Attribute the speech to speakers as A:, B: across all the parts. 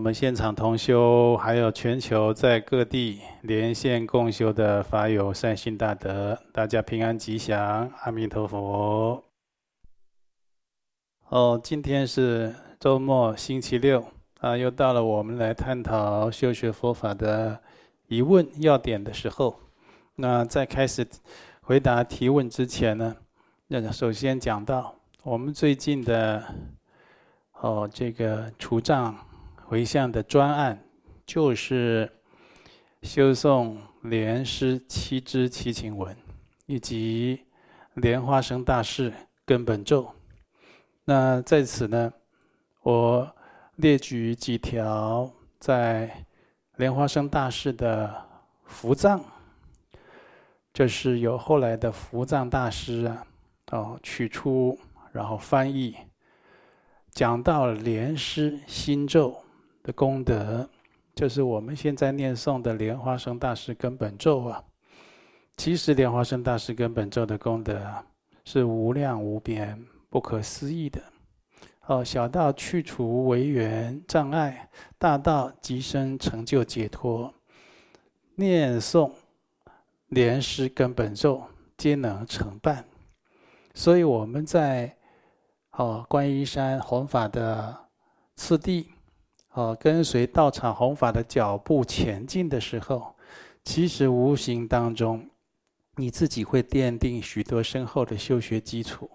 A: 我們現場同修，還有全球在各地連線共修的法友，善心大德，大家平安吉祥，阿彌陀佛。哦，今天是周末，星期六啊，又到了我們來探討修學佛法的疑問要點的時候。那在開始回答提問之前呢，那首先講到我們最近的哦，這個除障。迴向的專案就是修誦蓮師七句祈請文，以及蓮花生大士根本咒。那在此呢，我列舉幾條在蓮花生大士的伏藏，這是由後來的伏藏大師啊，哦，取出然後翻譯，講到蓮師心咒。功德就是我們現在念誦的《蓮花生大師根本咒》啊，其實《蓮花生大師根本咒》的功德是無量無邊、不可思議的。哦，小到去除違緣障礙，大到即生成就解脫，念誦蓮師根本咒皆能成辦。所以我們在哦觀音山弘法的次第。好，跟隨道場弘法的腳步前進的時候，其實無形當中，你自己會奠定許多深厚的修學基礎，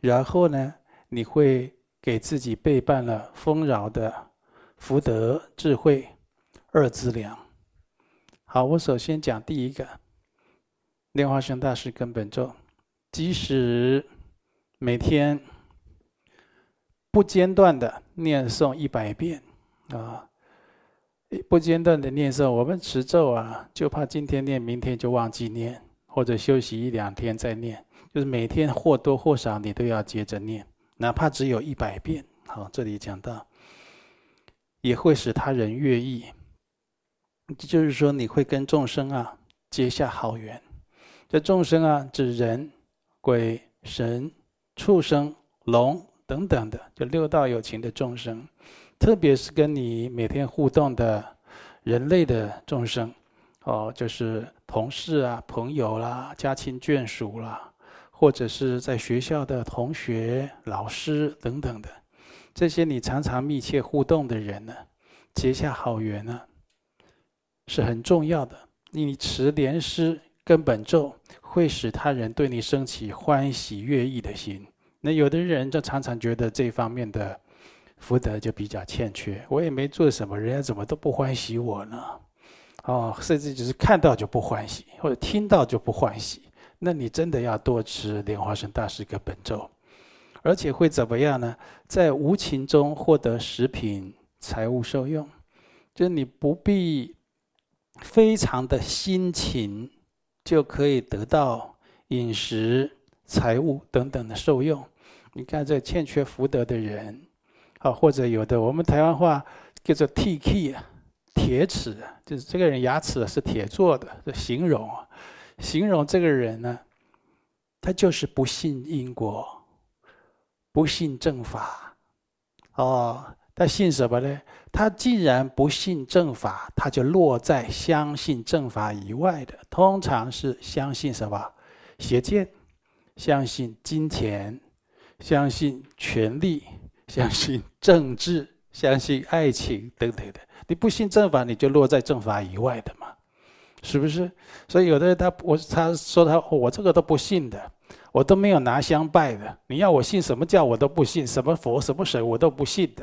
A: 然後呢，你會給自己備辦了豐饒的福德智慧二資糧。好，我首先講第一個，蓮花生大師根本咒，即使每天不間斷的念誦一百遍。啊，不間斷的念誦，我們持咒啊，就怕今天念，明天就忘記念，或者休息一兩天再念，就是每天或多或少你都要接着念，哪怕只有一百遍。好，這裡講到，也會使他人悅意，就是說你會跟眾生啊結下好緣。這眾生啊，指人、鬼、神、畜生、龍等等的，就六道有情的眾生。特別是跟你每天互動的人類的眾生，哦，就是同事啊、朋友啦、啊、家親眷屬啦、啊，或者是在學校的同學、老師等等的，這些你常常密切互動的人呢，結下好緣呢，是很重要的。你持蓮師根本咒，會使他人對你生起歡喜、悅意的心。那有的人就常常覺得這方面的。福德就比較欠缺，我也沒做什麼，人家怎麼都不歡喜我呢？哦，甚至只是看到就不歡喜，或者聽到就不歡喜。那你真的要多吃蓮花生大師的本咒，而且會怎麼樣呢？在無情中獲得食品、財物受用，就是你不必非常的辛勤就可以得到飲食、財物等等的受用。你看，這欠缺福德的人。啊，或者有的，我們台灣話叫做“ t k 啊，鐵齒”，就是這個人牙齒是鐵做的，這形容。形容這個人呢，他就是不信因果，不信正法。哦，他信什麼呢？他既然不信正法，他就落在相信正法以外的，通常是相信什麼？邪見，相信金錢，相信權力。相信政治，相信愛情等等的。你不信正法，你就落在正法以外的嘛，是不是？所以有的人他，我他說他，我這個都不信的，我都沒有拿香拜的。你要我信什麼教，我都不信；什麼佛，什麼神，我都不信的。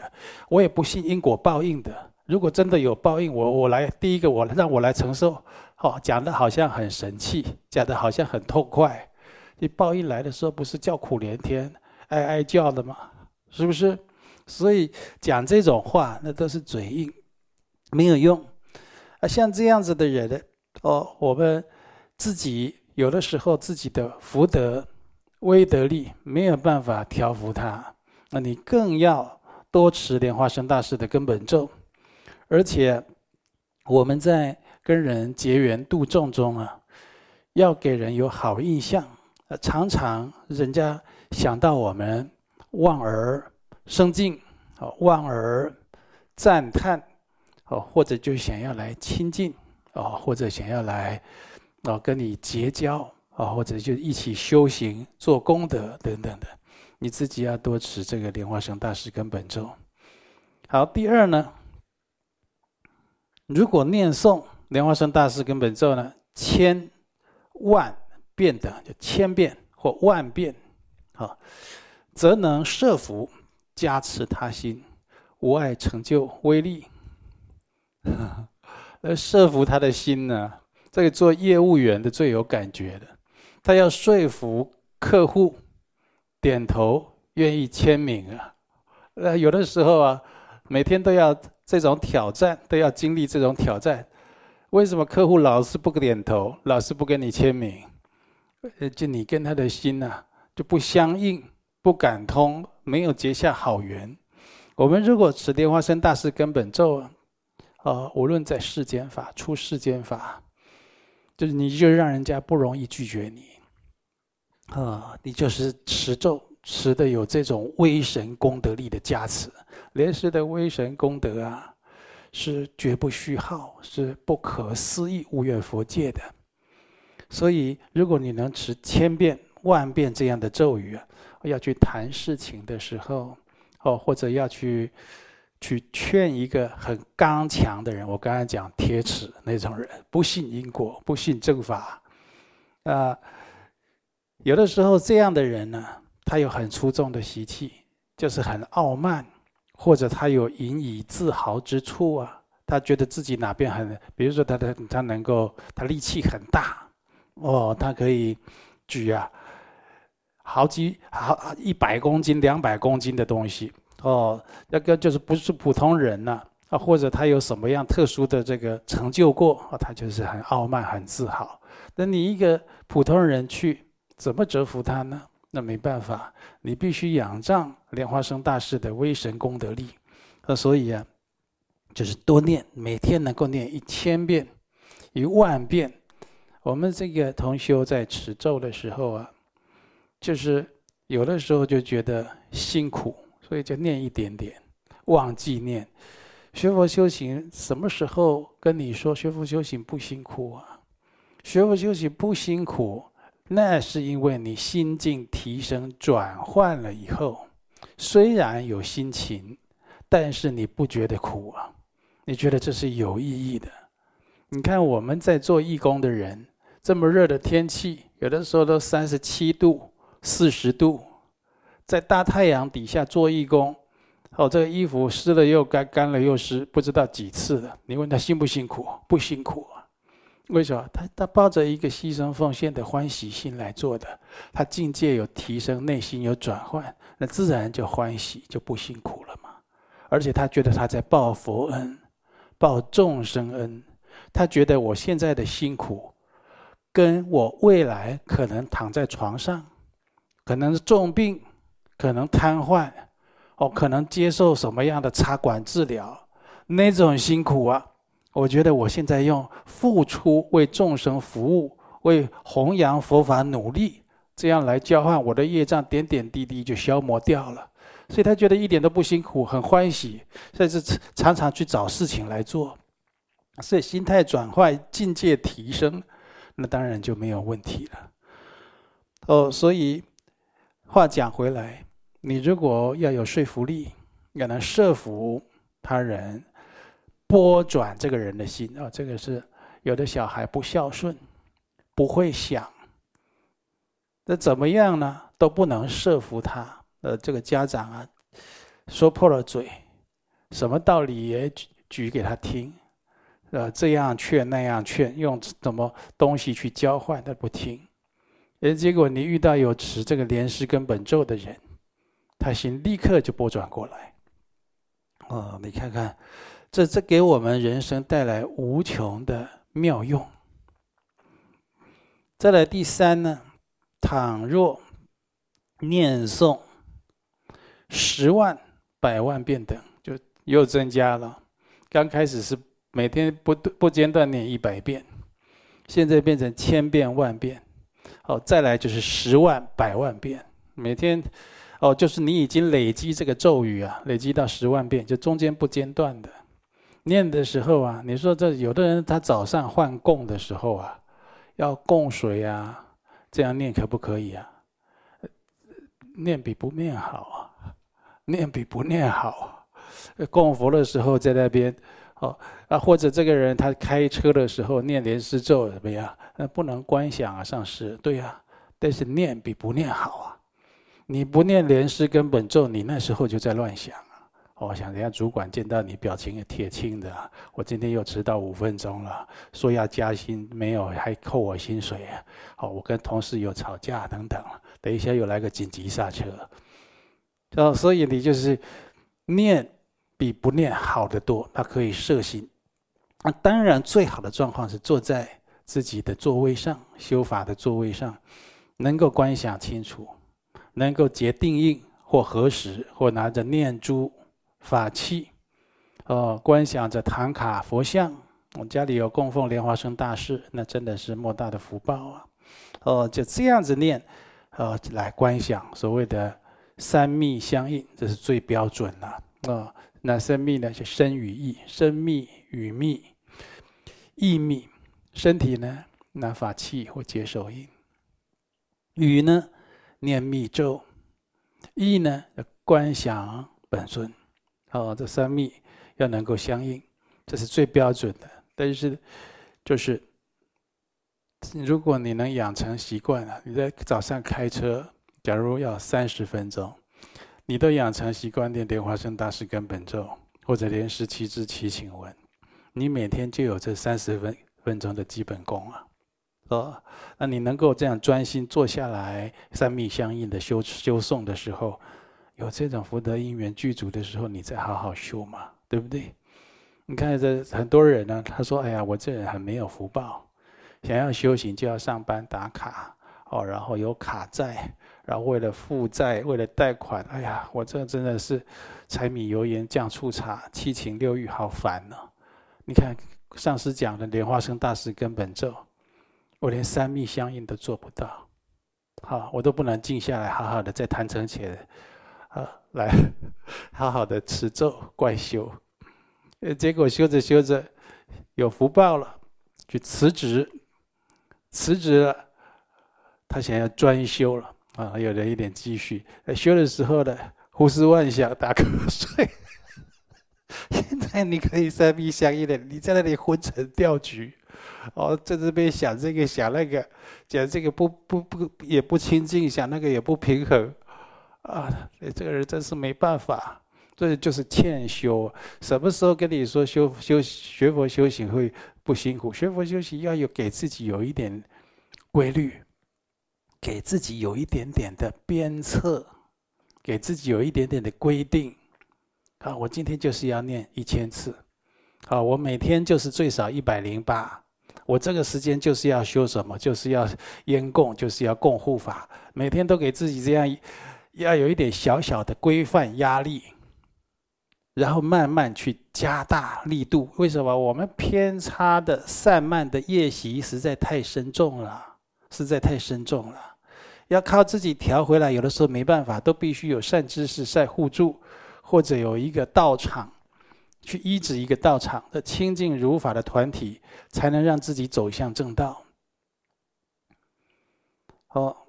A: 我也不信因果報應的。如果真的有報應，我我來第一個，我讓我來承受。好，講得好像很神氣，講得好像很痛快。你報應來的時候，不是叫苦連天、哀哀叫的嗎？是不是？所以講這種話，那都是嘴硬，沒有用。啊，像這樣子的人呢，哦，我們自己有的時候自己的福德、威德力沒有辦法調伏他，那、啊、你更要多持蓮花生大師的根本咒。而且我們在跟人結緣度眾中啊，要給人有好印象。啊、常常人家想到我們。望而生敬，望而讚歎，或者就想要來親近，或者想要來，跟你結交，啊，或者就一起修行、做功德等等的，你自己要多持這個蓮花生大師根本咒。好，第二呢，如果念誦蓮花生大師根本咒呢，千萬遍的就千遍或萬遍，則能攝服加持他心，無礙成就威力。 而攝服他的心呢？這個做業務員的最有感覺的，他要說服客戶點頭，願意簽名啊。呃，有的時候啊，每天都要這種挑戰，都要經歷這種挑戰。為什麼客戶老是不點頭，老是不跟你簽名？就你跟他的心吶、啊，就不相應。不敢通，沒有結下好緣。我們如果持蓮花生大士根本咒，啊、呃，無論在世間法、出世間法，就是你就讓人家不容易拒絕你，啊、呃，你就是持咒持的有這種威神功德力的加持。蓮師的威神功德啊，是絕不虛耗，是不可思議無遠弗屆的。所以，如果你能持千遍萬遍這樣的咒語啊，要去談事情的時候，哦，或者要去去勸一個很剛強的人。我剛才講鐵齒那種人，不信因果，不信正法，啊、呃，有的時候這樣的人呢，他有很出眾的習氣，就是很傲慢，或者他有引以自豪之處啊，他覺得自己哪邊很，比如說他的他能夠他力氣很大，哦，他可以舉啊。好幾好一百公斤、兩百公斤的東西哦，那個就是不是普通人吶，啊，或者他有什麼樣特殊的這個成就過啊、哦，他就是很傲慢、很自豪。那你一個普通人去怎麼折服他呢？那沒辦法，你必須仰仗蓮花生大師的威神功德力。那、啊、所以啊，就是多念，每天能夠念一千遍、一萬遍。我們這個同修在持咒的時候啊。就是有的時候就覺得辛苦，所以就念一點點，忘記念。學佛修行什麼時候跟你說學佛修行不辛苦啊？學佛修行不辛苦，那是因為你心境提升轉換了以後，雖然有辛勤，但是你不覺得苦啊？你覺得這是有意義的。你看我們在做義工的人，這麼熱的天氣，有的時候都三十七度。四十度，在大太陽底下做義工，哦，這個衣服濕了又乾，乾了又濕，不知道幾次了。你問他辛不辛苦？不辛苦啊。為什麼？他他抱着一個犧牲奉獻的歡喜心來做的，他境界有提升，內心有轉換，那自然就歡喜，就不辛苦了嘛。而且他覺得他在報佛恩，報眾生恩。他覺得我現在的辛苦，跟我未來可能躺在床上。可能是重病，可能癱瘓，哦，可能接受什麼樣的插管治療，那種辛苦啊！我覺得我現在用付出為眾生服務，為弘揚佛法努力，這樣來交換我的業障，點點滴滴就消磨掉了。所以他覺得一點都不辛苦，很歡喜，甚至常常去找事情來做，所以心態轉換，境界提升，那當然就沒有問題了。哦，所以。話講回來，你如果要有說服力，要能說服他人，撥轉這個人的心啊、哦，這個是有的小孩不孝順，不會想，那怎麼樣呢？都不能說服他。呃，這個家長啊，說破了嘴，什麼道理也舉舉給他聽，呃，這樣勸那樣勸，用什麼東西去交換，他不聽。哎，結果你遇到有持這個蓮師根本咒的人，他心立刻就撥轉過來。哦，你看看，這這給我們人生帶來無窮的妙用。再來第三呢，倘若念誦十萬、百萬遍等，就又增加了。剛開始是每天不不間斷念一百遍，現在變成千遍萬遍。哦，再來就是十萬百萬遍，每天，哦，就是你已經累積這個咒語啊，累積到十萬遍，就中間不間斷的念的時候啊，你說這有的人他早上換供的時候啊，要供水啊，這樣念可不可以啊？念比不念好啊，念比不念好啊，供佛的時候在那邊。哦，啊，那或者這個人他開車的時候念蓮師咒怎麼樣？那不能觀想啊，上師。對呀、啊，但是念比不念好啊。你不念蓮師根本咒，你那時候就在亂想啊。我想人家主管見到你表情也鐵青的、啊。我今天又遲到五分鐘了，說要加薪沒有，還扣我薪水、啊。哦，我跟同事又吵架等等。等一下又來個緊急剎車。哦，所以你就是念。比不念好得多，它可以攝心。那當然，最好的狀況是坐在自己的座位上，修法的座位上，能夠觀想清楚，能夠結定印或合十或拿着念珠法器，哦，觀想着唐卡佛像。我們家裡有供奉蓮花生大士，那真的是莫大的福報啊！哦，就這樣子念，哦，來觀想所謂的三密相應，這是最標準的。啊、哦，那身密呢是身語意，身密語密，意密，身體呢，拿法器或結手印，語呢念密咒，意呢觀想本尊，哦，這三密要能夠相應，這是最標準的。但是，就是如果你能養成習慣啊，你在早上開車，假如要三十分鐘。你都養成習慣念《蓮華生大師根本咒》或者《蓮師七支祈請文》，你每天就有這三十分分鐘的基本功啊，哦，那你能夠這樣專心坐下來三密相應的修修誦的時候，有這種福德因緣具足的時候，你再好好修嘛，對不對？你看這很多人呢、啊，他說：“哎呀，我這人很沒有福報，想要修行就要上班打卡哦，然後有卡債。”然後為了負債，為了貸款，哎呀，我這真的是柴米油鹽醬醋茶，七情六欲，好煩呢、哦！你看上師講的《蓮花生大師根本咒》，我連三密相應都做不到，好，我都不能靜下來，好好的在壇城前，啊，來，好好的持咒觀修，呃，結果修着修着有福報了，就辭職，辭職了，他想要專修了。啊、哦，有了一點積蓄，在修的時候呢，胡思亂想，打瞌睡。 現在你可以三冰箱一點，你在那裡昏沉掉舉，哦，在這邊想這個想那個，講這個不不不也不清淨，想那個也不平衡，啊，這個人真是沒辦法。這就是欠修。什麼時候跟你說修修學佛修行會不辛苦？學佛修行要有給自己有一點規律。給自己有一點點的鞭策，給自己有一點點的規定。啊，我今天就是要念一千次，啊，我每天就是最少一百零八。我這個時間就是要修什麼？就是要煙供，就是要供護法。每天都給自己這樣，要有一點小小的規範壓力，然後慢慢去加大力度。為什麼？我們偏差的散漫的業習實在太深重了，實在太深重了。要靠自己調回來，有的時候沒辦法，都必須有善知識善互助，或者有一個道場，去依止一個道場的清淨如法的團體，才能讓自己走向正道。好，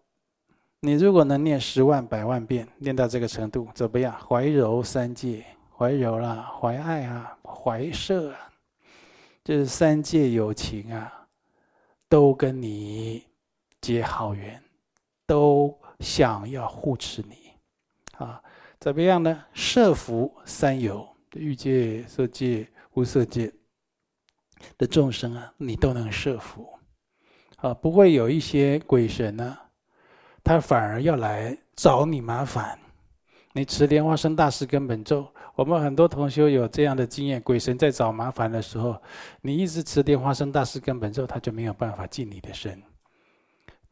A: 你如果能念十萬百萬遍，念到這個程度，怎麼樣？懷柔三界，懷柔啦、啊，懷愛啊，懷攝啊，這，就是三界有情啊，都跟你結好緣。都想要護持你，啊，怎麼樣呢？攝伏三有欲界、色界、無色界的眾生啊，你都能攝伏，啊，不會有一些鬼神呢、啊，他反而要來找你麻煩。你持蓮花生大師根本咒，我們很多同修有這樣的經驗，鬼神在找麻煩的時候，你一直持蓮花生大師根本咒，他就沒有辦法進你的身。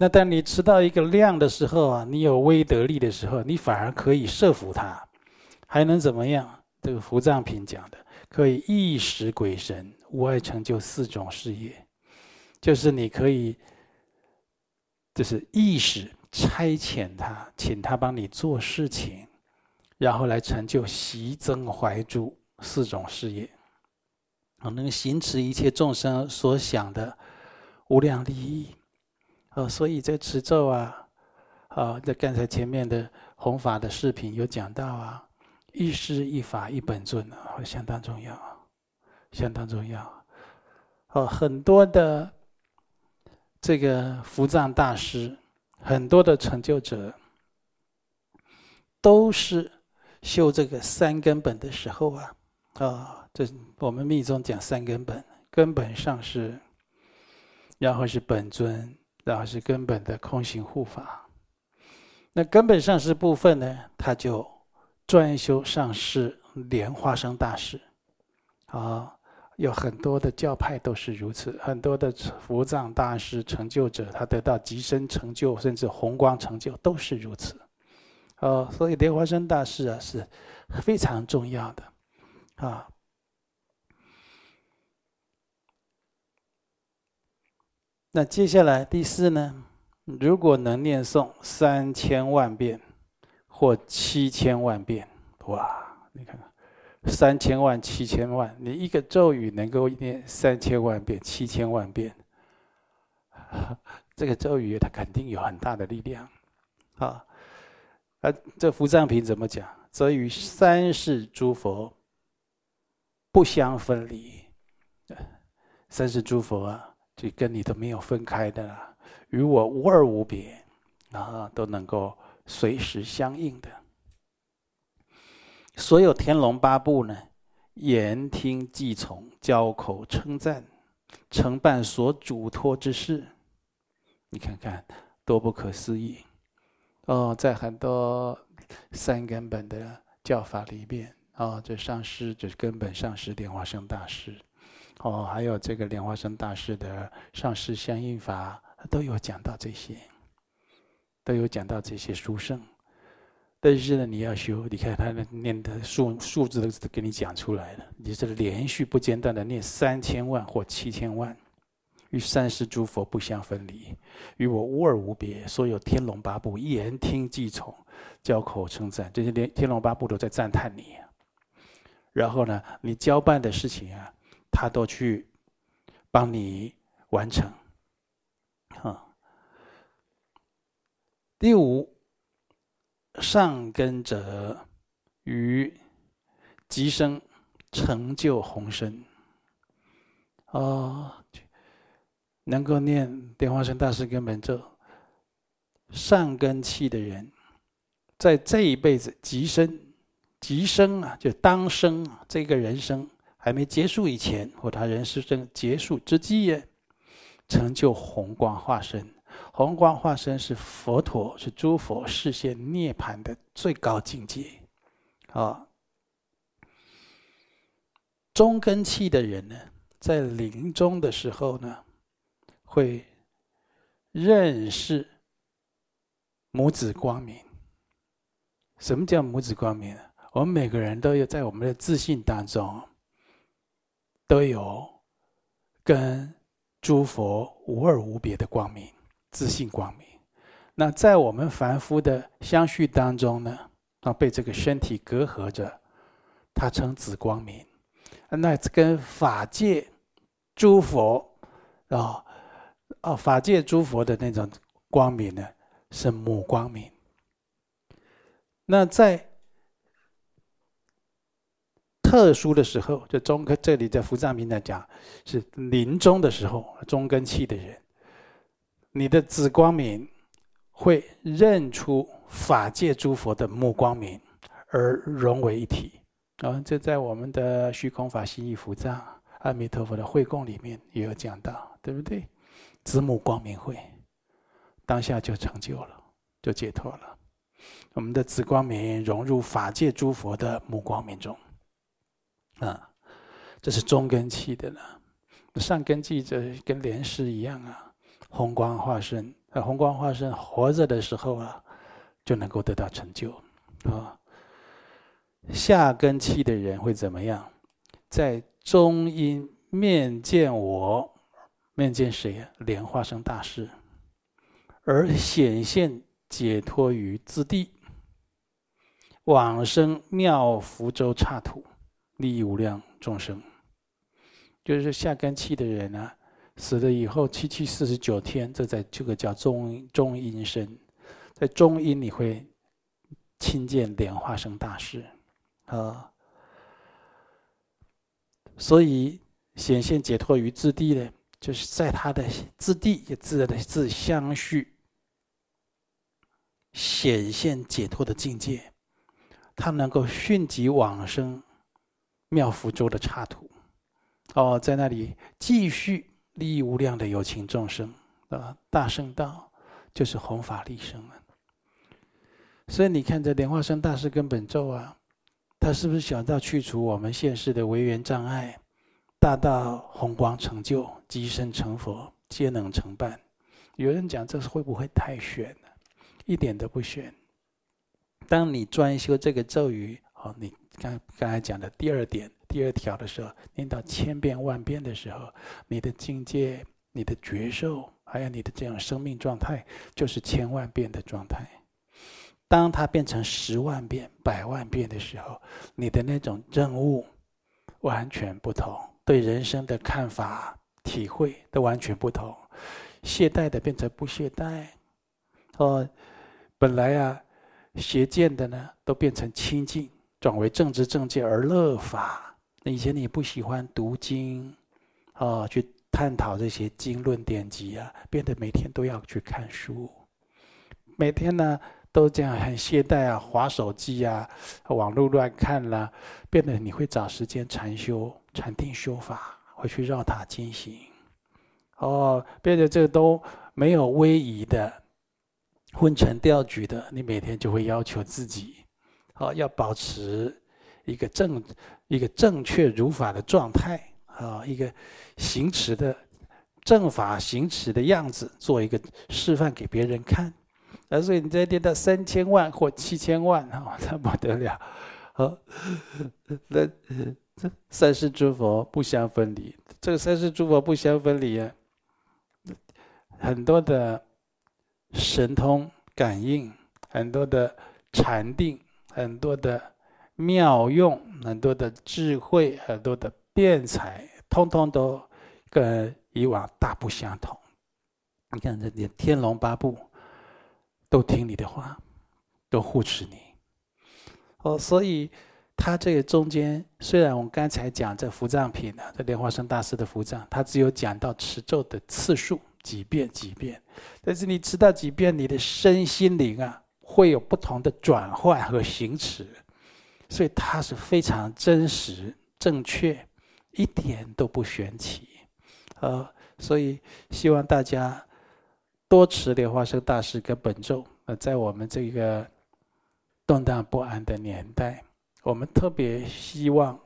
A: 那當你吃到一個量的時候啊，你有威德力的時候，你反而可以攝伏他，還能怎麼樣？這個福藏品講的，可以役使鬼神，無礙成就四種事業，就是你可以，就是役使差遣他，請他幫你做事情，然後來成就息增懷誅四種事業，啊，能行持一切眾生所想的無量利益。哦，所以在持咒啊，啊，在剛才前面的弘法的視頻有講到啊，一師一法一本尊啊，相當重要，相當重要。哦，很多的這個伏藏大師，很多的成就者，都是修這個三根本的時候啊，啊，這我們密宗講三根本，根本上師，然後是本尊。然後是根本的空行護法，那根本上師部分呢，他就專修上師蓮花生大士，啊，有很多的教派都是如此，很多的伏藏大師成就者，他得到極深成就，甚至虹光成就都是如此，啊所以蓮花生大士啊是非常重要的，啊。那接下來第四呢？如果能念誦三千萬遍或七千萬遍，哇，你看看，三千萬、七千萬，你一個咒語能夠念三千萬遍、七千萬遍，這個咒語它肯定有很大的力量啊！那這《佛藏品》怎麼講？則與三世諸佛不相分離。三世諸佛啊！就跟你都沒有分開的了，與我無二無別，啊，都能夠隨時相應的。所有天龍八部呢，言聽計從，交口稱讚，承辦所囑託之事。你看看，多不可思議！哦，在很多三根本的教法裡面，啊，這上師就是根本上師，蓮花生大師。哦，還有這個蓮花生大師的《上師相應法》都有講到這些，都有講到這些殊勝。但是呢，你要修，你看他那念的數數字都給你講出來了。你是連續不間斷的念三千萬或七千萬，與三世諸佛不相分離，與我無二無別。所有天龍八部言聽計從，交口稱讚，這些連天龍八部都在讚歎你。然後呢，你交辦的事情啊。他都去幫你完成，啊。第五，上根者於即生成就虹身，啊，能夠念蓮花生大師根本咒，上根器的人，在這一輩子即生即生啊，就當生啊，這個人生。還沒結束以前，或他人生結束之際，成就虹光化身。虹光化身是佛陀，是諸佛示現涅盤的最高境界。啊，中根器的人呢，在臨終的時候呢，會認識母子光明。什麼叫母子光明？我們每個人都有在我們的自信當中。都有跟諸佛無二無別的光明，自性光明。那在我們凡夫的相續當中呢，啊，被這個身體隔閡着，它稱子光明。那跟法界諸佛啊，啊，法界諸佛的那種光明呢，是母光明。那在。特殊的時候，就中這裡在福藏平台講，是臨終的時候，中根器的人，你的子光明會認出法界諸佛的母光明，而融為一體啊！這、哦、在我們的虛空法心意福藏阿彌陀佛的會供裡面也有講到，對不對？子母光明會，當下就成就了，就解脫了。我們的子光明融入法界諸佛的母光明中。啊，這是中根器的了。上根器就跟蓮師一樣啊，虹光化身，虹光化身活着的時候啊，就能夠得到成就啊。下根器的人會怎麼樣？在中陰面見我，面見誰呀？蓮花生大師，而顯現解脫於自地，往生妙福洲剎土。利益無量眾生，就是下根器的人呢、啊，死了以後七七四十九天，這在這個叫中中陰身，在中陰你會親見蓮花生大師，啊，所以顯現解脫於自地的，就是在他的自地也自然的自相續顯現解脫的境界，他能夠迅即往生，妙拂洲的剎土，哦，在那裡繼續利益無量的有情眾生啊！大聖道就是弘法利生了。所以你看，這蓮花生大師根本咒啊，他是不是小到去除我們現世的違緣障礙，大到虹光成就、即身成佛，皆能成辦？有人講這是會不會太玄了？一點都不玄。當你專修這個咒語，哦，你，剛剛才講的第二點、第二條的時候，念到千遍萬遍的時候，你的境界、你的覺受，還有你的這樣生命狀態，就是千萬遍的狀態。當它變成十萬遍、百萬遍的時候，你的那種任務完全不同，對人生的看法、體會都完全不同。懈怠的變成不懈怠，哦，本來啊，邪見的呢，都變成清淨。轉為政治正知正見而樂法。那以前你不喜歡讀經，啊、哦，去探討這些經論典籍啊，變得每天都要去看書。每天呢都這樣，很懈怠啊，滑手機啊，網絡亂看啦、啊，變得你會找時間禪修、禪定修法，會去繞塔經行。哦，變得這都沒有威儀的、昏沉掉舉的，你每天就會要求自己。哦，要保持一個正、一個正確如法的狀態，啊、哦，一個行持的正法行持的樣子，做一個示範給別人看。啊，所以你再跌到三千萬或七千萬啊、哦，那不得了。好、哦，那這三世諸佛不相分離，這個三世諸佛不相分離啊，很多的神通感應，很多的禪定。很多的妙用，很多的智慧，很多的辯才，通通都跟以往大不相同。你看，這天龍八部都聽你的話，都護持你。哦，所以他這個中間，雖然我們剛才講這伏藏品呢，這蓮花生大師的伏藏，他只有講到持咒的次數幾遍幾遍，但是你知道幾遍，你的身心靈啊。會有不同的轉換和行持，所以它是非常真實、正確，一點都不玄奇，啊，所以希望大家多持蓮花生大士跟根本咒。呃，在我們這個動盪不安的年代，我們特別希望，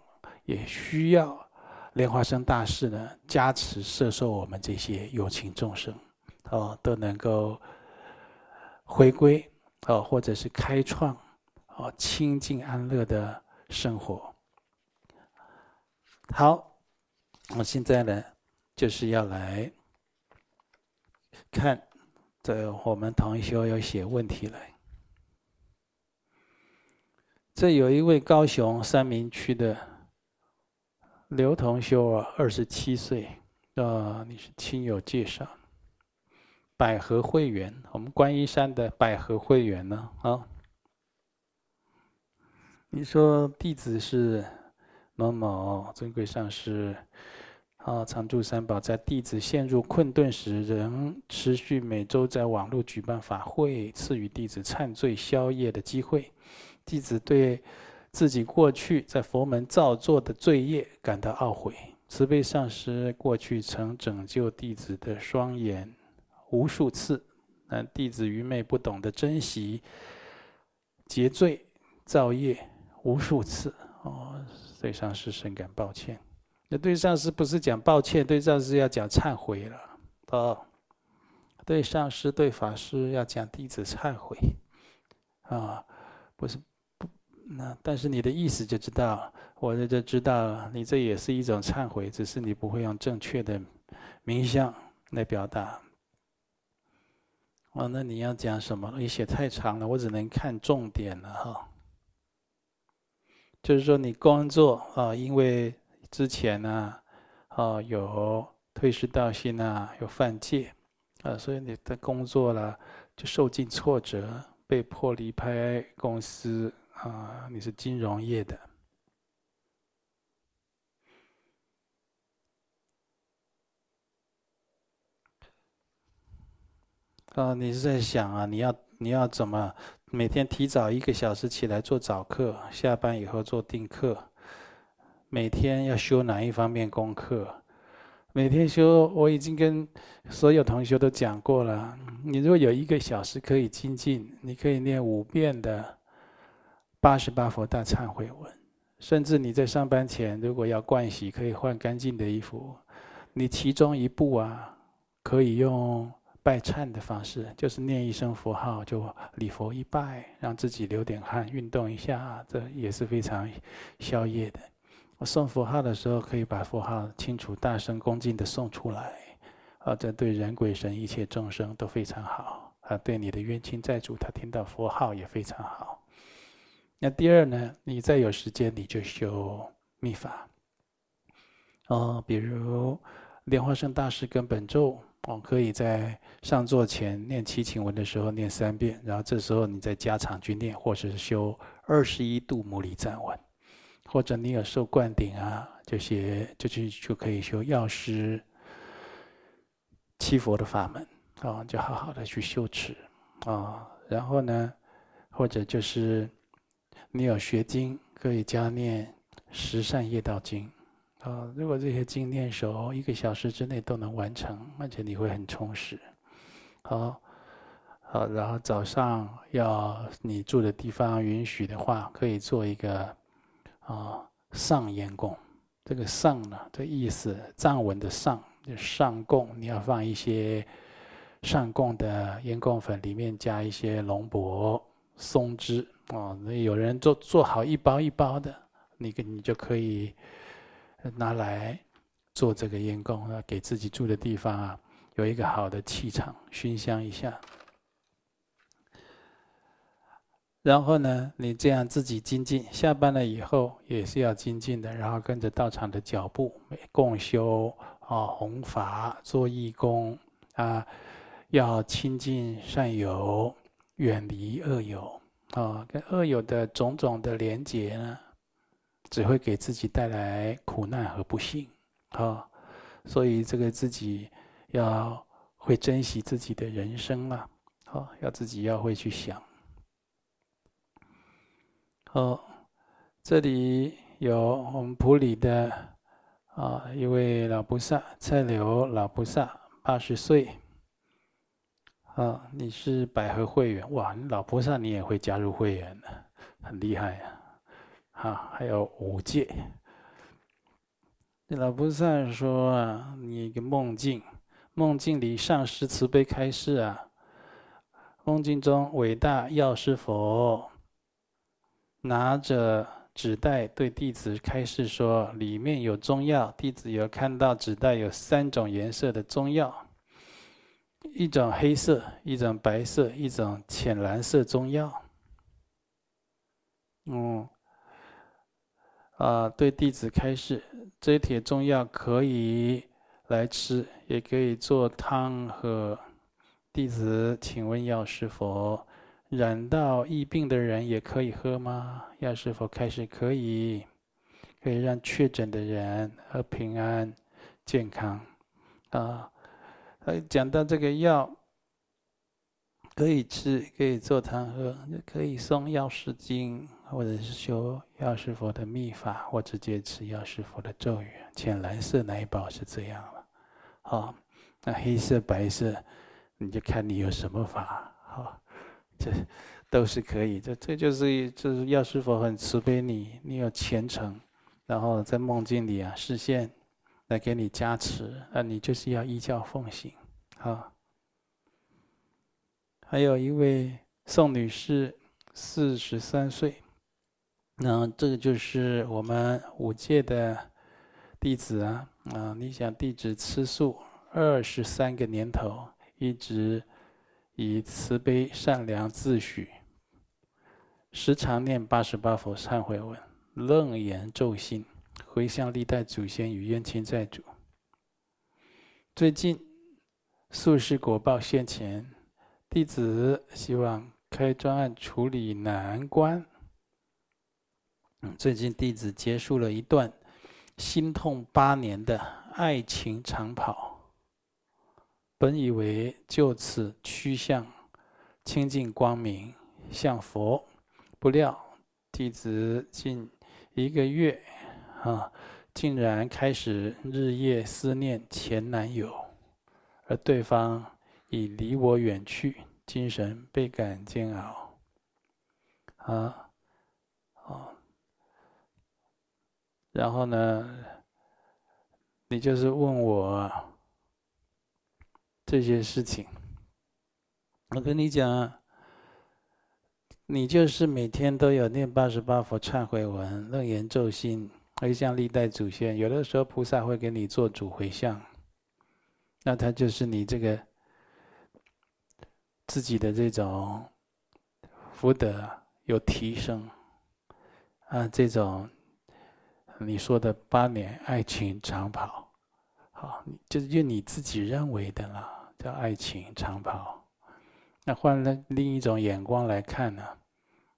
A: 也需要蓮花生大士呢加持攝受我們這些有情眾生，啊，都能夠回歸。哦，或者是開創哦清淨安樂的生活。好，我們現在呢，就是要來看這我們同學有寫問題來。這有一位高雄三民區的劉同學，二十七歲，啊，你是親友介紹的。百合會員，我們觀音山的百合會員呢？啊，你說弟子是某某尊貴上師啊，常住三寶，在弟子陷入困頓時，仍持續每周在網絡舉辦法會，賜予弟子懺罪消業的機會。弟子對自己過去在佛門造作的罪業感到懊悔。慈悲上師過去曾拯救弟子的雙眼。無數次，那弟子愚昧，不懂得珍惜、結罪、造業，無數次哦，對上師深感抱歉。那對上師不是講抱歉，對上師要講懺悔了哦。對上師、對法師要講弟子懺悔啊、哦，不是不那？但是你的意思就知道，我就就知道了。你這也是一種懺悔，只是你不會用正確的名相來表達。哦，那你要講什麼？你寫太長了，我只能看重點了哈、哦。就是說，你工作啊、哦，因為之前呢、啊，啊、哦，有退失道心啊，有犯戒，啊、哦，所以你的工作了就受盡挫折，被迫離開公司啊、哦。你是金融業的。啊，你是在想啊？你要你要怎麼每天提早一個小時起來做早課？下班以後做定課？每天要修哪一方面功課？每天修，我已經跟所有同學都講過了。你如果有一個小時可以精進，你可以念五遍的八十八佛大懺悔文。甚至你在上班前，如果要盥洗，可以換乾淨的衣服。你其中一部啊，可以用。拜懺的方式，就是念一聲佛號就禮佛一拜，讓自己流點汗，運動一下，這也是非常消業的。我誦佛號的時候，可以把佛號清楚、大聲、恭敬的誦出來，啊，這對人、鬼、神、一切眾生都非常好。啊，對你的冤親債主，他聽到佛號也非常好。那第二呢，你再有時間你就修密法，哦，比如蓮花生大師根本咒。我、哦、可以在上座前念祈請文的時候念三遍，然後這時候你再加長去念，或者是修二十一度母禮讚文。或者你有受灌頂啊，這些就去就，就，就可以修藥師、七佛的法門啊、哦，就好好的去修持啊。然後呢，或者就是你有學經，可以加念十善業道經。啊、哦，如果這些經念熟，一個小時之內都能完成，而且你會很充實。好，好，然後早上要你住的地方允許的話，可以做一個啊、哦、上煙供。這個上呢，這個、意思藏文的上，就是、上供你要放一些上供的煙供粉，裡面加一些龍柏、松枝啊。那、哦、有人做做好一包一包的，那個你就可以。拿來做這個煙供啊，給自己住的地方啊，有一個好的氣場，燻香一下。然後呢，你這樣自己精進，下班了以後也是要精進的，然後跟着道場的腳步，共修啊，弘法，做義工啊，要親近善友，遠離惡友啊，跟惡友的種種的連結呢。只會給自己帶來苦難和不幸，好，所以這個自己要會珍惜自己的人生了、啊，好，要自己要會去想。好，這裡有我們埔里的啊一位老菩薩蔡流老菩薩，八十歲。啊，你是百合會員哇！你老菩薩你也會加入會員的，很厲害呀、啊。啊，還有五戒。老菩薩說啊，你一個夢境，夢境裡上師慈悲開示啊，夢境中偉大藥師佛拿着紙袋對弟子開示說，裡面有中藥，弟子有看到紙袋有三種顏色的中藥，一種黑色，一種白色，一種淺藍色中藥。嗯。啊，對弟子開示，這帖中藥可以來吃，也可以做湯喝。弟子，請問藥師佛染到疫病的人也可以喝嗎？藥師佛開示可以，可以讓確診的人和平安健康。啊，講到這個藥，可以吃，可以做湯喝，也可以送藥師經。或者是修藥師佛的密法，或直接持藥師佛的咒語，淺藍色那一包是這樣了。好，那黑色、白色，你就看你有什麼法，好，這都是可以。這這就是就是藥師佛很慈悲你，你有虔誠，然後在夢境裡啊實現來給你加持，那你就是要依教奉行啊。還有一位宋女士，四十三歲。那、嗯、這個就是我們五戒的弟子啊！啊、嗯，你想弟子吃素二十三個年頭，一直以慈悲善良自許，時常念八十八佛懺悔文，楞嚴咒心，迴向歷代祖先與冤親債主。最近宿世果報現前，弟子希望開專案處理難關。嗯，最近弟子結束了一段心痛八年的愛情長跑，本以為就此趨向清淨光明，向佛，不料弟子近一個月，啊，竟然開始日夜思念前男友，而對方已離我遠去，精神倍感煎熬，啊。然後呢，你就是問我這些事情。我跟你講啊，你就是每天都有念八十八佛懺悔文、楞嚴咒心，迴向歷代祖先。有的時候菩薩會給你做主迴向，那他就是你這個自己的這種福德有提升啊，這種。你說的八年愛情長跑，好，就就是，你自己認為的啦，叫愛情長跑。那換了另一種眼光來看呢，啊，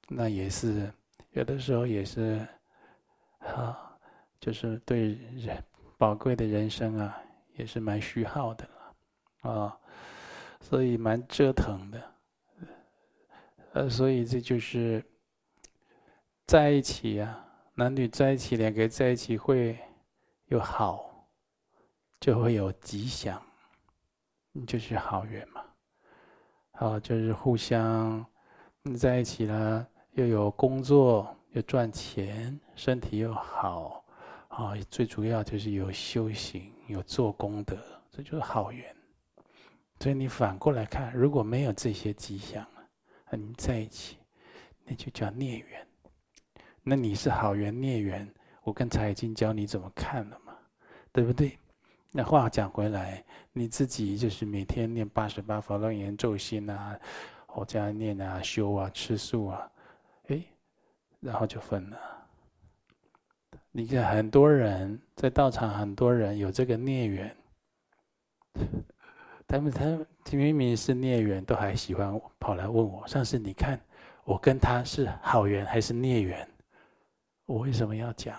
A: 那也是有的時候也是，啊，就是對人寶貴的人生啊，也是蠻虛耗的了啊，所以蠻折騰的。呃、啊，所以這就是在一起啊。男女在一起，兩個人在一起會有好，就會有吉祥，就是好緣嘛。好，就是互相你在一起呢，又有工作又賺錢，身體又好，啊，最主要就是有修行，有做功德，這就是好緣。所以你反過來看，如果沒有這些吉祥啊，你在一起，那就叫孽緣。那你是好緣孽緣？我剛才已經教你怎麼看了嘛，對不對？那話講回來，你自己就是每天念八十八法論言咒心啊，我這樣念啊、修啊、吃素啊，誒，然後就分了。你看很多人在道場，很多人有這個孽緣，他們他明明是孽緣，都還喜歡跑來問我：上次你看我跟他是好緣還是孽緣？我為什麼要講？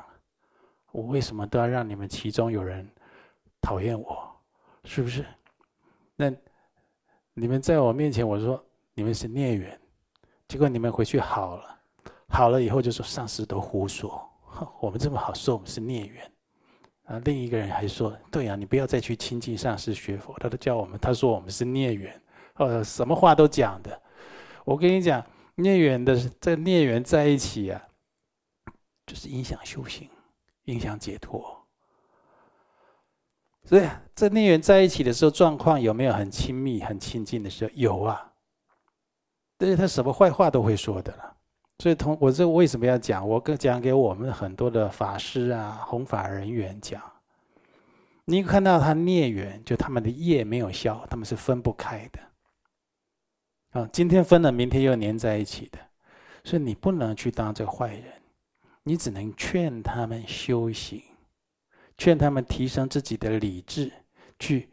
A: 我為什麼都要讓你們其中有人討厭我？是不是？那你們在我面前，我說你們是孽緣，結果你們回去好了，好了以後就說上師都胡說，我們這麼好說我們是孽緣啊！另一個人還說：“對呀、啊，你不要再去親近上師學佛。”他都教我們，他說我們是孽緣，呃，什麼話都講的。我跟你講，孽緣的在孽緣在一起啊。就是影響修行，影響解脫。所以，這孽緣在一起的時候，狀況有沒有很親密、很親近的時候？有啊。但是他什麼壞話都會說的了。所以，同我這為什麼要講？我跟講給我們很多的法師啊、弘法人員講。你看到他孽緣，就他們的業沒有消，他們是分不開的。啊，今天分了，明天又粘在一起的，所以你不能去當這個壞人。你只能勸他們修行，勸他們提升自己的理智，去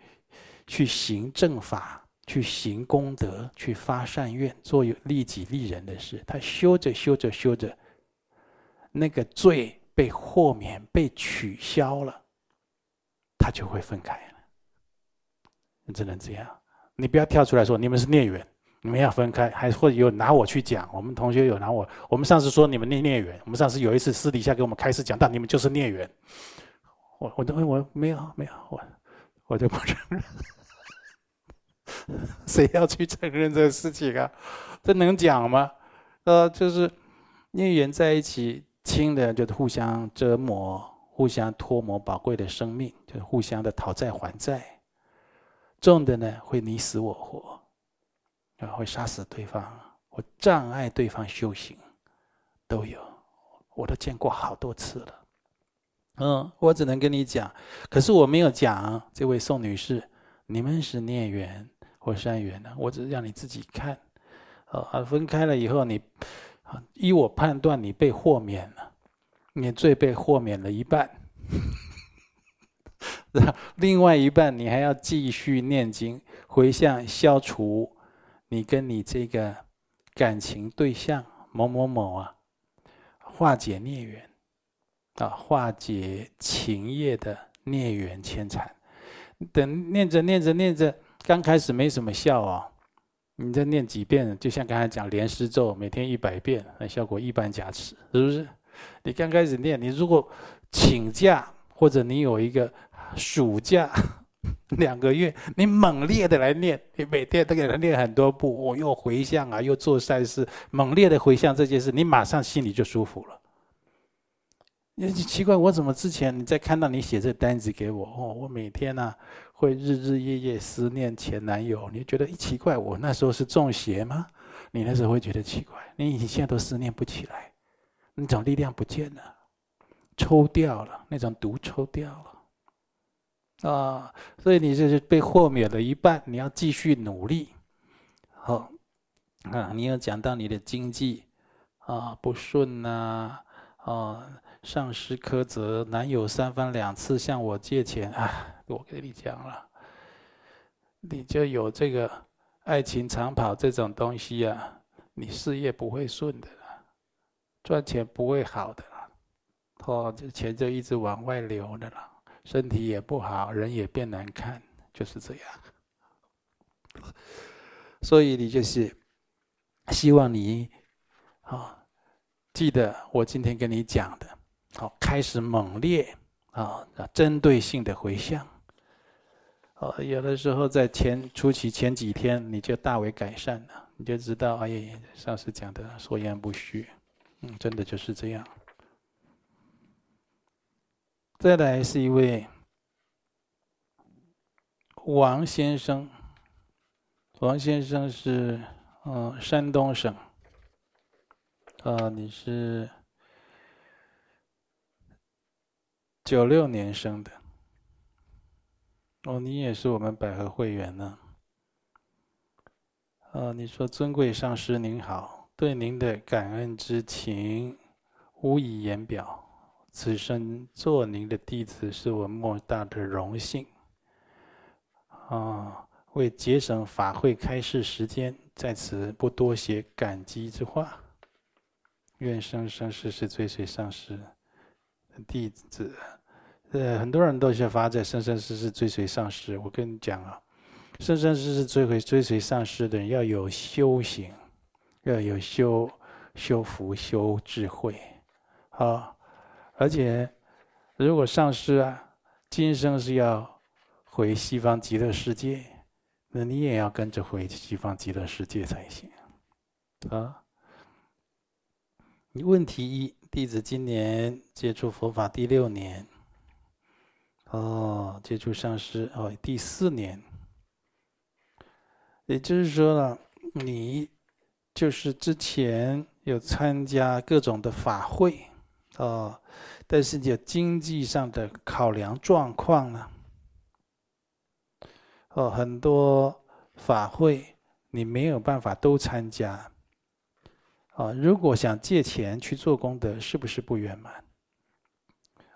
A: 去行正法，去行功德，去發善願，做有利己利人的事。他修着修着修着，那個罪被豁免、被取消了，他就會分開了。你只能這樣，你不要跳出來說你們是孽緣。你們要分開，還會有拿我去講。我們同學有拿我，我們上次說你們念孽緣。我們上次有一次私底下給我們開示講，但你們就是孽緣。我我我我沒有沒有我，我就不承認。誰要去承認這個事情啊？這能講嗎？呃，就是孽緣在一起，輕的就是互相折磨，互相拖磨寶貴的生命，就是互相的討債還債；重的呢，會你死我活。會殺死對方，或障礙對方修行，都有，我都見過好多次了。嗯，我只能跟你講，可是我沒有講這位宋女士，你們是孽緣或善緣呢、啊？我只是讓你自己看。啊，分開了以後你，你依我判斷，你被豁免了，你罪被豁免了一半， 另外一半你還要繼續念經回向消除。你跟你這個感情對象某某某啊，化解孽緣啊，化解情業的孽緣牽纏。等念着念着念着，剛開始沒什麼效哦，你再念幾遍，就像剛才講蓮師咒，每天一百遍，那效果一般加持，是不是？你剛開始念，你如果請假或者你有一個暑假。兩個月，你猛烈的來念，你每天都給他念很多部，我又回向啊，又做善事，猛烈的回向這件事，你馬上心裡就舒服了。你奇怪，我怎麼之前你在看到你寫這單子給我，哦，我每天呢、啊、會日日夜夜思念前男友，你覺得一奇怪，我那時候是中邪嗎？你那時候會覺得奇怪，你以前都思念不起來，那種力量不見了，抽掉了，那種毒抽掉了。啊，所以你就是被豁免了一半，你要繼續努力。好，啊，你有講到你的經濟啊不順吶，啊，啊，上司苛責，男友三番兩次向我借錢啊，我跟你講了，你就有這個愛情長跑這種東西啊，你事業不會順的啦，賺錢不會好的啦，哦，這錢就一直往外流的啦。身體也不好，人也變難看，就是這樣。所以你就是希望你啊，記得我今天跟你講的，好，開始猛烈啊，針對性的回向。哦，有的時候在前，初期前幾天，你就大為改善了，你就知道，哎呀，上次講的所言不虛，嗯，真的就是這樣。再來是一位王先生，王先生是嗯山東省，啊你是九六年生的，哦你也是我們百合會員呢，啊你說，尊貴上師您好，對您的感恩之情無以言表。此生做您的弟子是我莫大的榮幸。啊、哦，為節省法會開示時間，在此不多寫感激之話。願生生世世追隨上師的弟子。呃，很多人都說發在生生世世追隨上師。我跟你講啊，生生世世追回追隨上師的人要有修行，要有修修福修智慧，啊。而且，如果上師啊，今生是要回西方極樂世界，那你也要跟着回西方極樂世界才行，啊。你問題一，弟子今年接觸佛法第六年，哦，接觸上師哦第四年，也就是說了，你就是之前有參加各種的法會。哦，但是你有經濟上的考量狀況呢？哦，很多法會你沒有辦法都參加。哦，如果想借錢去做功德，是不是不圓滿？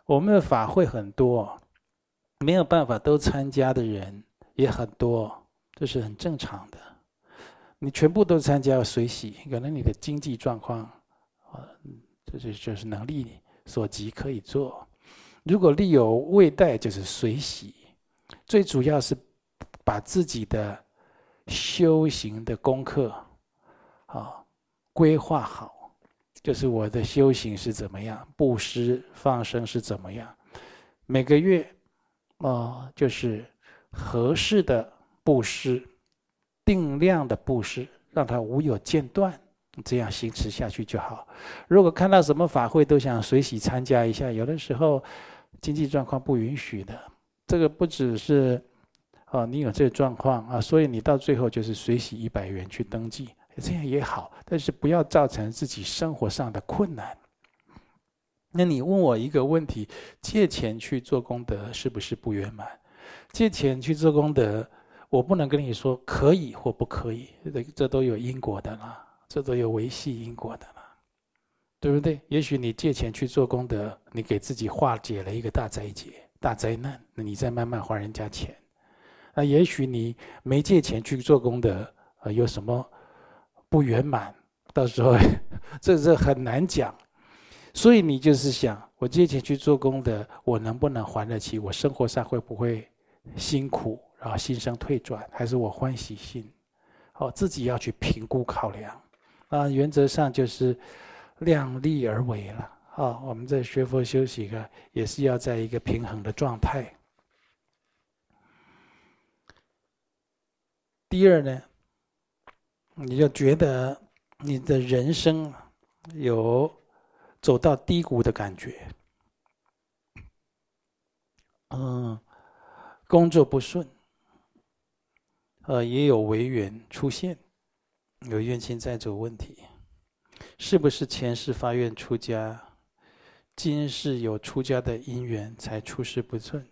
A: 我們的法會很多，沒有辦法都參加的人也很多，這是很正常的。你全部都參加要隨喜。可能你的經濟狀況，哦。這就就是能力所及可以做，如果力有未逮，就是隨喜。最主要是把自己的修行的功課啊規劃好，就是我的修行是怎麼樣，布施放生是怎麼樣，每個月啊就是合適的布施，定量的布施，讓它無有間斷。這樣行持下去就好。如果看到什麼法會都想隨喜參加一下，有的時候經濟狀況不允許的，這個不只是哦，你有這個狀況啊，所以你到最後就是隨喜一百元去登記，這樣也好。但是不要造成自己生活上的困難。那你問我一個問題：借錢去做功德是不是不圓滿？借錢去做功德，我不能跟你說可以或不可以，這都有因果的啦。這都有維繫因果的嘛，對不對？也許你借錢去做功德，你給自己化解了一個大災劫、大災難，那你再慢慢還人家錢。那也許你沒借錢去做功德，呃，有什麼不圓滿？到時候這這很難講。所以你就是想，我借錢去做功德，我能不能還得起？我生活上會不會辛苦？然後心生退轉，還是我歡喜心？哦，自己要去評估考量。啊，原則上就是量力而為了。啊，我們在學佛修行啊，也是要在一個平衡的狀態。第二呢，你就覺得你的人生有走到低谷的感覺。嗯，工作不順，呃，也有違緣出現。有冤親債主問題，是不是前世發願出家，今世有出家的因緣，才出世不順？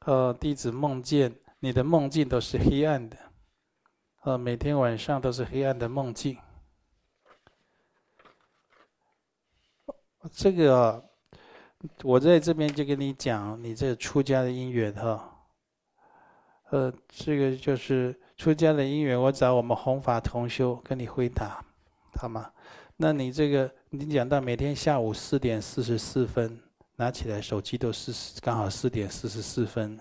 A: 呃，弟子夢見你的夢境都是黑暗的，呃，每天晚上都是黑暗的夢境。這個，我在這邊就跟你講，你這出家的因緣哈。呃，這個就是出家的因緣，我找我們弘法同修，跟你回答，好嗎？那你這個你講到每天下午四點四十四分拿起來手機都是剛好四點四十四分，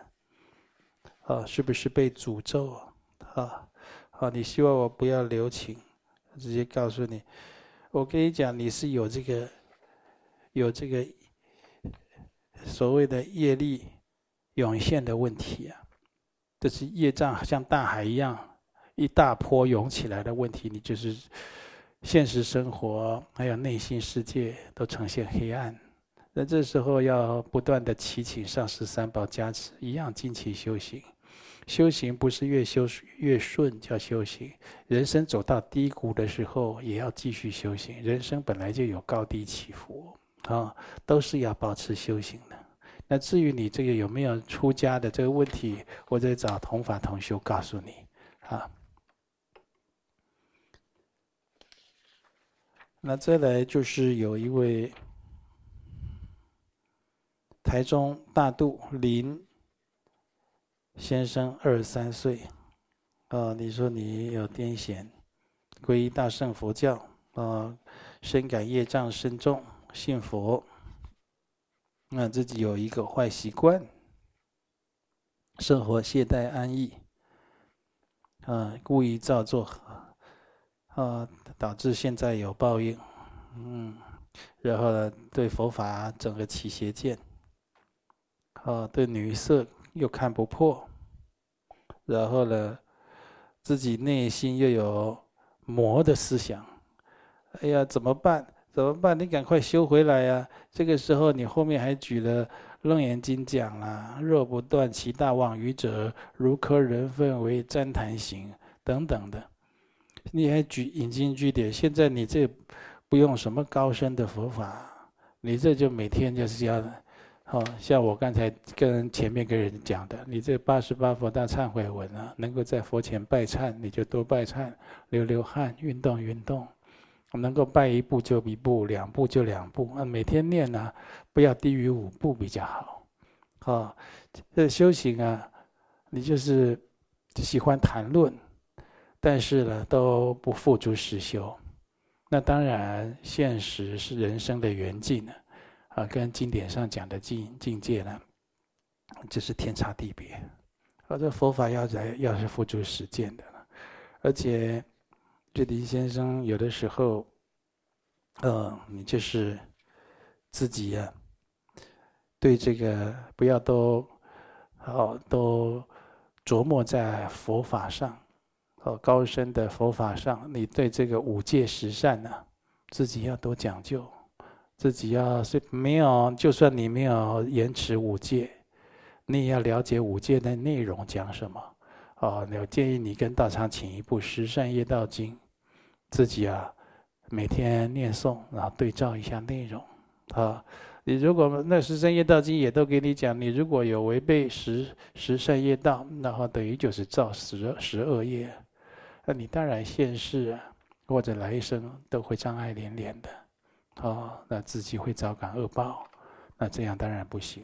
A: 呃，是不是被詛咒啊？好，好，你希望我不要留情，直接告訴你。我跟你講，你是有這個有這個所謂的業力湧現的問題啊。這是業障像大海一樣，一大波湧起來的問題，你就是現實生活，還有內心世界都呈現黑暗。那這時候要不斷的祈請上師三寶加持，一樣精勤修行。修行不是越修越順叫修行，人生走到低谷的時候也要繼續修行。人生本來就有高低起伏，啊，都是要保持修行的。那至於你這個有沒有出家的這個問題，我再找同法同修告訴你，啊。那再來就是有一位台中大肚林先生，二十三歲，啊、呃，你說你有癲癇，皈依大乘佛教，啊、呃，深感業障深重，信佛。讓自己有一個壞習慣，生活懈怠安逸，啊，故意造作，啊，導致現在有報應，嗯，然後呢，對佛法整個起邪見，啊，對女色又看不破，然後呢，自己內心又有魔的思想，哎呀，怎麼辦？怎麼辦？你趕快修回來呀、啊！這個時候，你後面還舉了《楞嚴經》講了、啊，若不斷其大妄語者，如刻人糞為栴檀形等等的，你還舉引經據典。現在你這不用什麼高深的佛法，你這就每天就是要，哦，像我剛才跟前面跟人講的，你這八十八佛大懺悔文啊，能夠在佛前拜懺，你就多拜懺，流流汗，運動運動。我們能夠拜一步就一步，兩步就兩步啊！每天念呢、啊，不要低於五步比較好。啊、哦，這修行啊，你就是喜歡談論，但是呢，都不付諸實修。那當然，現實是人生的盡鏡啊，跟經典上講的境境界呢，這、就是天差地別。而、哦、這佛法要在，要是付諸實踐的而且。這林先生有的時候，呃、嗯，你就是自己呀、啊，對這個不要都好、哦、都琢磨在佛法上，好、哦、高深的佛法上。你對這個五戒十善呢、啊，自己要多講究，自己要是沒有，就算你沒有嚴持五戒，你也要了解五戒的內容講什麼。哦，我建議你跟大常請一部《十善業道經》。自己啊，每天念誦，然後對照一下內容。啊，你如果那十善業道經也都給你講，你如果有違背十十善業道，然後等於就是造十十二業，那你當然現世或者來生都會障礙連連的。啊，那自己會遭感惡報，那這樣當然不行。